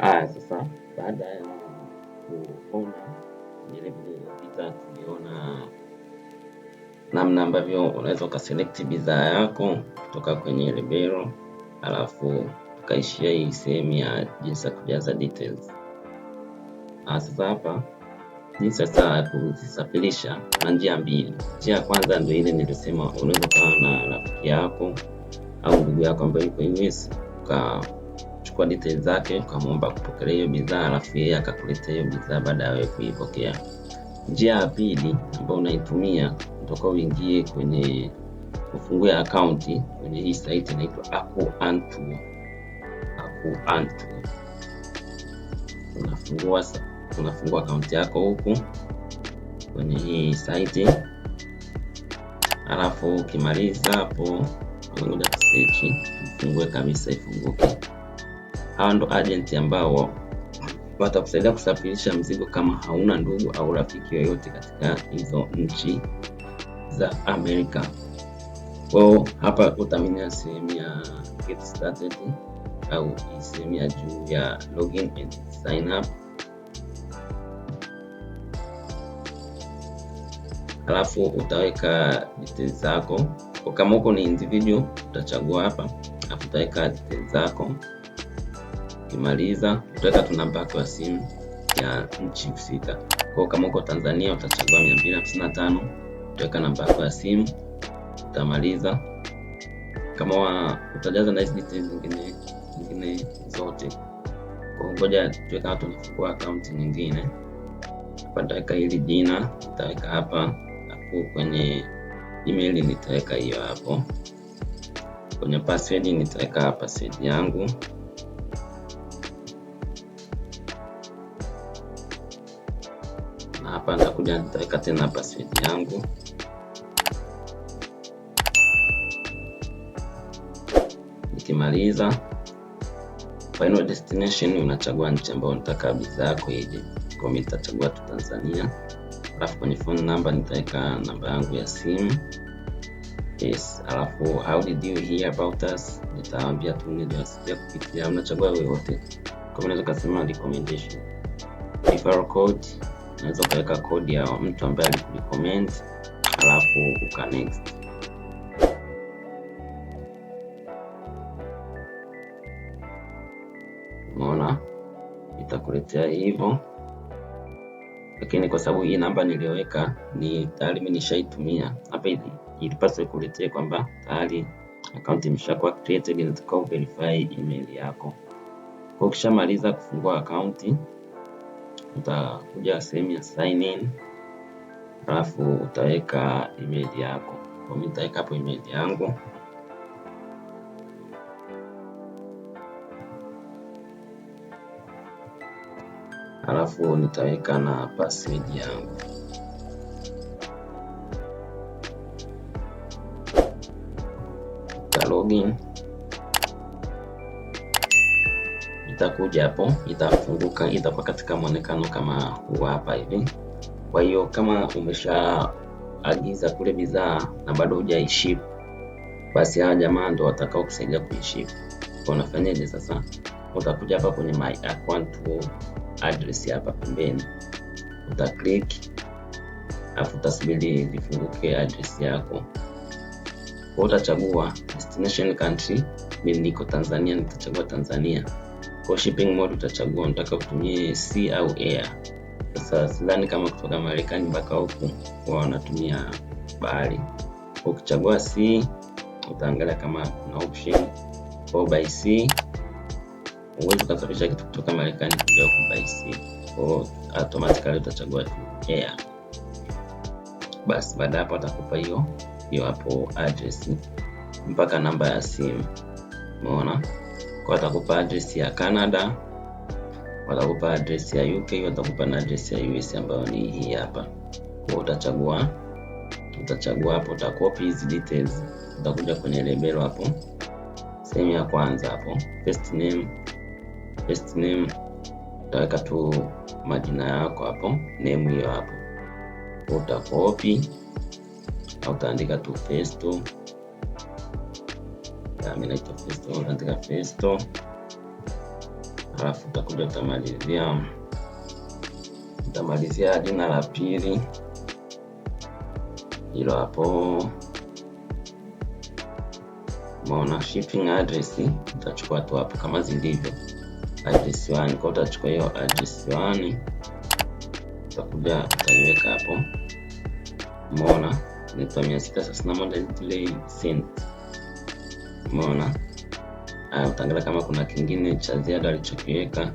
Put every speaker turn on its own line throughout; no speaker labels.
Haya ah, sasa, baada ya kuona bidhaa, tuliona namna ambavyo unaweza ukaselect bidhaa yako kutoka kwenye rebero, alafu tukaishia hii sehemu ya jinsi ya kujaza details. Ah, sasa hapa jinsi sasa ya kuzisafirisha na njia mbili. Njia ya kwanza ndio ile nilisema, unaweza ukawa na rafiki yako au ndugu yako ambaye yuko US uka kuchukua details zake ukamwomba kupokelea hiyo bidhaa, alafu yeye akakuletea hiyo bidhaa baada ya wewe kuipokea. Njia ya pili ambayo unaitumia utoka uingie kwenye ufungue akaunti kwenye hii site inaitwa Akuantu. Akuantu unafungua unafungua akaunti yako huku kwenye hii site, alafu ukimaliza hapo unakuja kusearch, ifungue kabisa, ifunguke Hawa ndo agent ambao watakusaidia kusafirisha mzigo kama hauna ndugu au rafiki yoyote katika hizo nchi za Amerika. Kwao hapa utaminia sehemu ya get started au sehemu ya juu ya login and sign up, alafu utaweka details zako. Kwa kama uko ni individual utachagua hapa, alafu utaweka details zako Ukimaliza tutaweka tuna baki wa simu ya nchi husika. Kwa kama uko Tanzania utachagua 255 utaweka namba yako ya simu utamaliza. Kama wa, utajaza na hizi details zingine zingine zote. Kwa ngoja tuweka hapo tunafungua account nyingine. Hapa nitaweka hili jina, nitaweka hapa hapo kwenye email nitaweka hiyo hapo. Kwenye password nitaweka password yangu. hapa nitakuja nitaweka tena password yangu nikimaliza final destination unachagua nchi ambayo unataka bidhaa yako ije kwa mimi nitachagua tu Tanzania alafu kwenye phone number nitaweka namba yangu ya simu yes alafu how did you hear about us nitaambia tu niliwasikia kupitia unachagua wewe wote kwa mimi naweza kusema recommendation referral code unaweza ukaweka kodi ya mtu ambaye alikurecommend alafu uka next. Umeona itakuletea hivyo, lakini kwa sababu hii namba niliyoweka ni tayari mimi nishaitumia hapa, ilipaswa kuletea kwamba tayari akaunti imeshakuwa created, inatakiwa verify email yako. Kwa ukishamaliza kufungua akaunti utakuja sehemu ya sign in, alafu utaweka email yako. Kwa mimi nitaweka hapo email yangu alafu nitaweka na password yangu. Ta login. itakuja hapo, itafunguka, itakuwa katika mwonekano kama huu hapa hivi. Kwa hiyo kama umeshaagiza kule bidhaa na bado hujaiship, basi hawa jamaa ndo watakao kusaidia kuiship. Kwa unafanyaje sasa? Utakuja hapa kwenye my account address hapa pembeni, uta click afu utasubiri lifunguke address yako. utachagua destination country, mimi niko Tanzania, nitachagua Tanzania. Kwa shipping mode utachagua unataka utumie sea au air. Sasa sidhani kama kutoka Marekani mpaka huku huwa wanatumia bahari. Ukichagua sea utaangalia kama kuna option for by sea. Huwezi ukasafirisha kitu kutoka Marekani kuja huku by sea, kwa automatically utachagua tu air. Basi baada hapo atakupa hiyo hiyo hapo address mpaka namba ya simu, umeona watakupa address ya Canada, watakupa address ya UK, watakupa na address ya US ambayo ni hii hapa. Kwa utachagua utachagua hapo, utakopi hizi details, utakuja kwenye label hapo sehemu ya kwanza hapo, first name first name utaweka tu majina yako hapo, name hiyo hapo, utakopi au utaandika tu Festo mimi naitwa Festo, unaandika Festo alafu utakuja utamalizia utamalizia jina la pili hilo hapo. Umeona shipping address utachukua tu hapo kama zilivyo address 1 kwa utachukua hiyo address 1 utakuja utaiweka hapo. Umeona inaitwa mia sita thelathini na moja umeona. Haya, Utaangalia kama kuna kingine cha ziada alichokiweka um,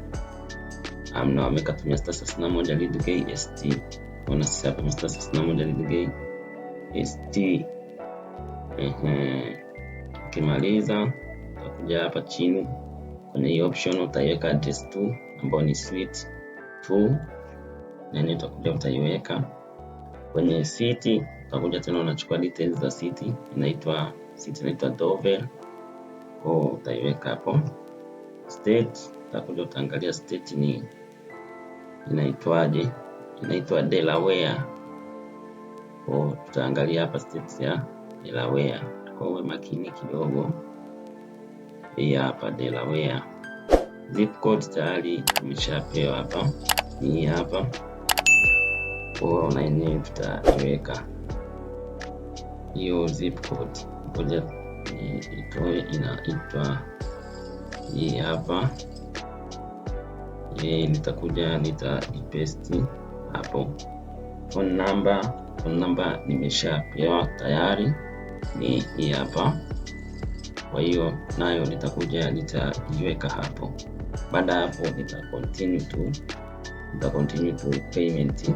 amna, wameka tu mia sita thelathini na moja lead gay st. Unaona sisi hapa mia sita thelathini na moja lead gay st. Ehe, ukimaliza utakuja hapa chini kwenye hii option utaiweka address tu ambayo ni suite 2 nani, utakuja utaiweka kwenye city, utakuja tena unachukua details za city inaitwa zinaitwa doorbell, oh, kwa utaiweka hapo. State utakuja utaangalia state ni inaitwaje, inaitwa Delaware, kwa oh, tutaangalia hapa state ya Delaware, kwa uwe makini kidogo. Hii hapa Delaware, zip code tayari tumeshapewa hapa, hii hapa kwa na yenyewe tutaiweka hiyo zip code ngoja itoe, inaitwa hii hapa hii, nitakuja nitaipesti hapo. Phone number, phone number nimeshapewa tayari, ni hii hapa. Kwa hiyo nayo nitakuja nitaiweka hapo. Baada ya hapo nita continue tu, nita continue tu payment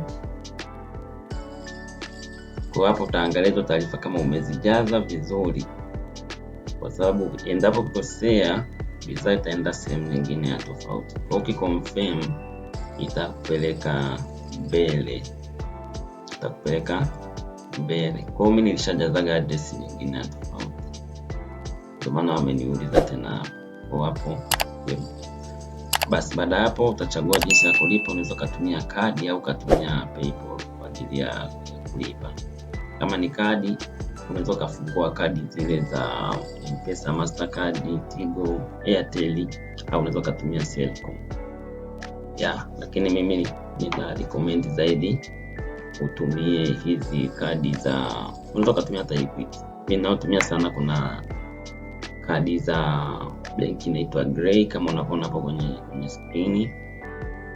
So hapo utaangalia hizo taarifa kama umezijaza vizuri, kwa sababu endapo kukosea, bidhaa itaenda sehemu nyingine ya tofauti. Ukiconfirm itakupeleka mbele, itakupeleka mbele. Kwa hiyo mimi nilishajazaga address nyingine ya tofauti, ndio maana wameniuliza tena hapo. Basi baada ya hapo utachagua jinsi ya kulipa. Unaweza ukatumia kadi au ukatumia PayPal kwa ajili ya kulipa kama ni kadi unaweza ukafungua kadi zile za Mpesa, Mastercard, Tigo, Airtel au unaweza ukatumia Selcom ya lakini mimi nina recommend zaidi utumie hizi kadi za, unaweza ukatumia hata Equity. Mimi naotumia sana, kuna kadi za benki inaitwa grey kama unavyoona hapo kwenye kwenye skrini,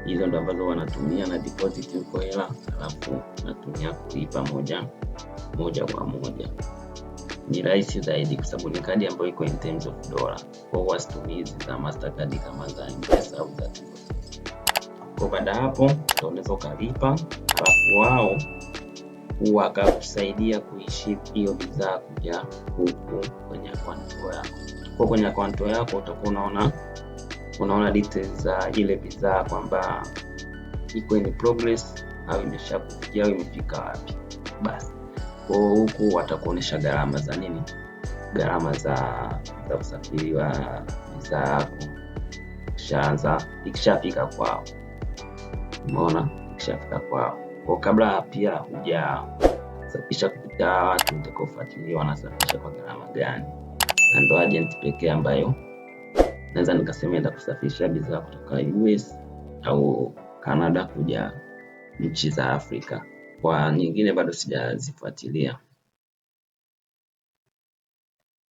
hizo ndo ambazo wanatumia na deposit huko hela, alafu natumia kulipa moja moja kwa moja. Ni rahisi zaidi kwa sababu ni kadi ambayo iko in terms of dollar. Kwa hiyo wasitumii hizi za Mastercard kama za M-Pesa au za Tigo. Kwa baada hapo unaweza ukalipa, alafu wao wakakusaidia kuiship hiyo bidhaa kuja huku kwenye akaunti yako. Kwa kwenye akaunti yako utakuwa unaona unaona details za ile bidhaa kwamba iko in progress au imeshakufikia au imefika wapi. Basi kwa huku watakuonyesha gharama za nini, gharama za za usafiri wa bidhaa yako. Kishaanza ikishafika kwao, umeona, ikishafika kwao kwa kabla pia hujasafisha kupita watu utakaofuatilia wanasafisha kwa gharama gani, na ndo agent pekee ambayo naweza nikasema enda kusafirisha bidhaa kutoka US au Canada kuja nchi za Afrika kwa nyingine bado sijazifuatilia.